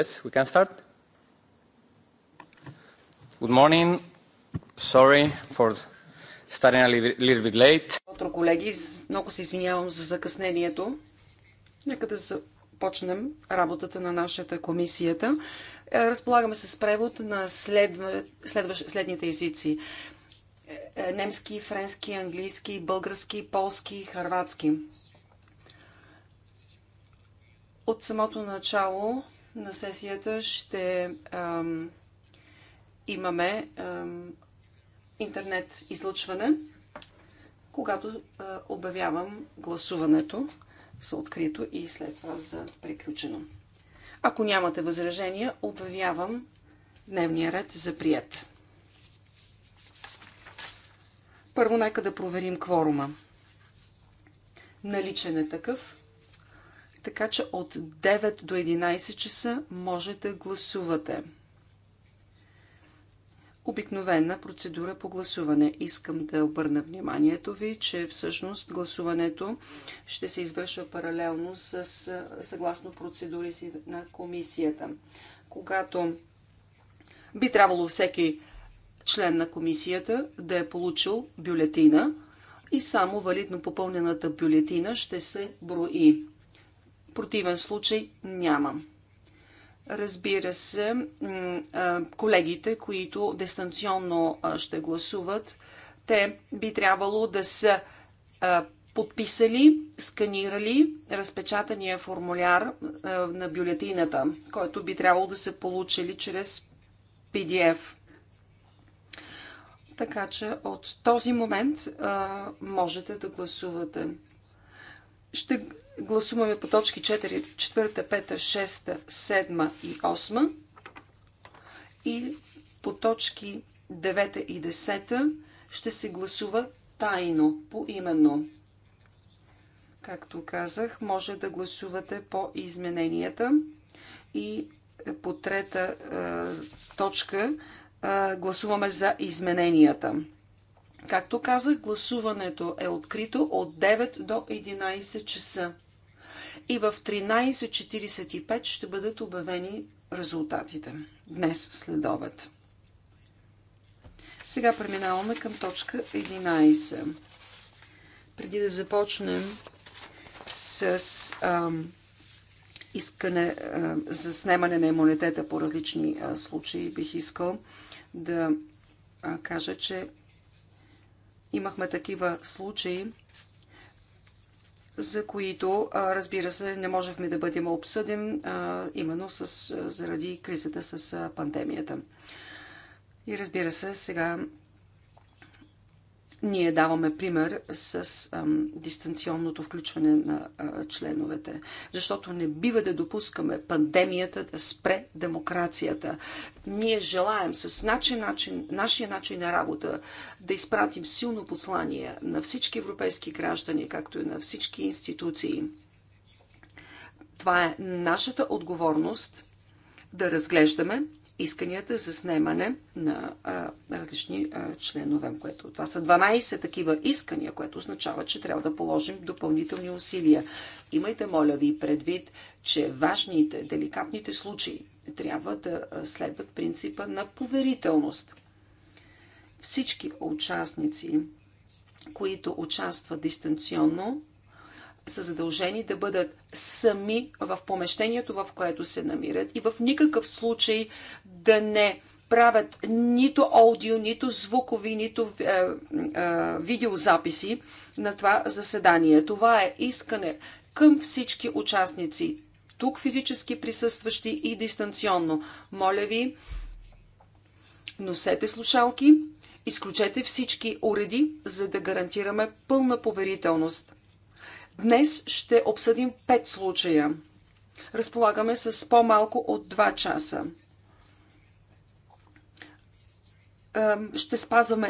Yes, we can start. Good morning. Sorry for starting a little bit late. Утро, колеги. Много се извинявам за закъснението. Нека да започнем работата на нашата комисията. Е, разполагаме се с превод на следните езици. Е, е, немски, френски, английски, български, полски, харватски. От самото начало на сесията ще ам, имаме ам, интернет излъчване, когато а, обявявам гласуването за открито и след това за приключено. Ако нямате възражения, обявявам дневния ред за прият. Първо нека да проверим кворума. Наличен е такъв. Така че от 9 до 11 часа може да гласувате. Обикновена процедура по гласуване. Искам да обърна вниманието ви, че всъщност гласуването ще се извършва паралелно с съгласно процедури си на комисията. Когато би трябвало всеки член на комисията да е получил бюлетина и само валидно попълнената бюлетина ще се брои противен случай нямам. Разбира се, колегите, които дистанционно ще гласуват, те би трябвало да са подписали, сканирали разпечатания формуляр на бюлетината, който би трябвало да се получили чрез PDF. Така че от този момент можете да гласувате. Ще гласуваме по точки 4, 4, 5, 6, 7 и 8 и по точки 9 и 10 ще се гласува тайно, поименно. Както казах, може да гласувате по измененията и по трета е, точка е, гласуваме за измененията. Както казах, гласуването е открито от 9 до 11 часа. И в 13.45 ще бъдат обявени резултатите. Днес след обед. Сега преминаваме към точка 11. Преди да започнем с ам, искане а, за снемане на имунитета по различни а, случаи, бих искал да а, кажа, че Имахме такива случаи, за които, разбира се, не можехме да бъдем обсъдим, именно с, заради кризата с пандемията. И разбира се, сега ние даваме пример с ам, дистанционното включване на а, членовете, защото не бива да допускаме пандемията да спре демокрацията. Ние желаем с начин, начин, нашия начин на работа да изпратим силно послание на всички европейски граждани, както и на всички институции. Това е нашата отговорност да разглеждаме исканията за снемане на а, различни а, членове, което това са 12 такива искания, което означава, че трябва да положим допълнителни усилия. Имайте, моля ви, предвид, че важните, деликатните случаи трябва да следват принципа на поверителност. Всички участници, които участват дистанционно, са задължени да бъдат сами в помещението, в което се намират и в никакъв случай да не правят нито аудио, нито звукови, нито е, е, видеозаписи на това заседание. Това е искане към всички участници, тук физически присъстващи и дистанционно. Моля ви, носете слушалки, изключете всички уреди, за да гарантираме пълна поверителност. Днес ще обсъдим 5 случая. Разполагаме с по-малко от 2 часа. Ще спазваме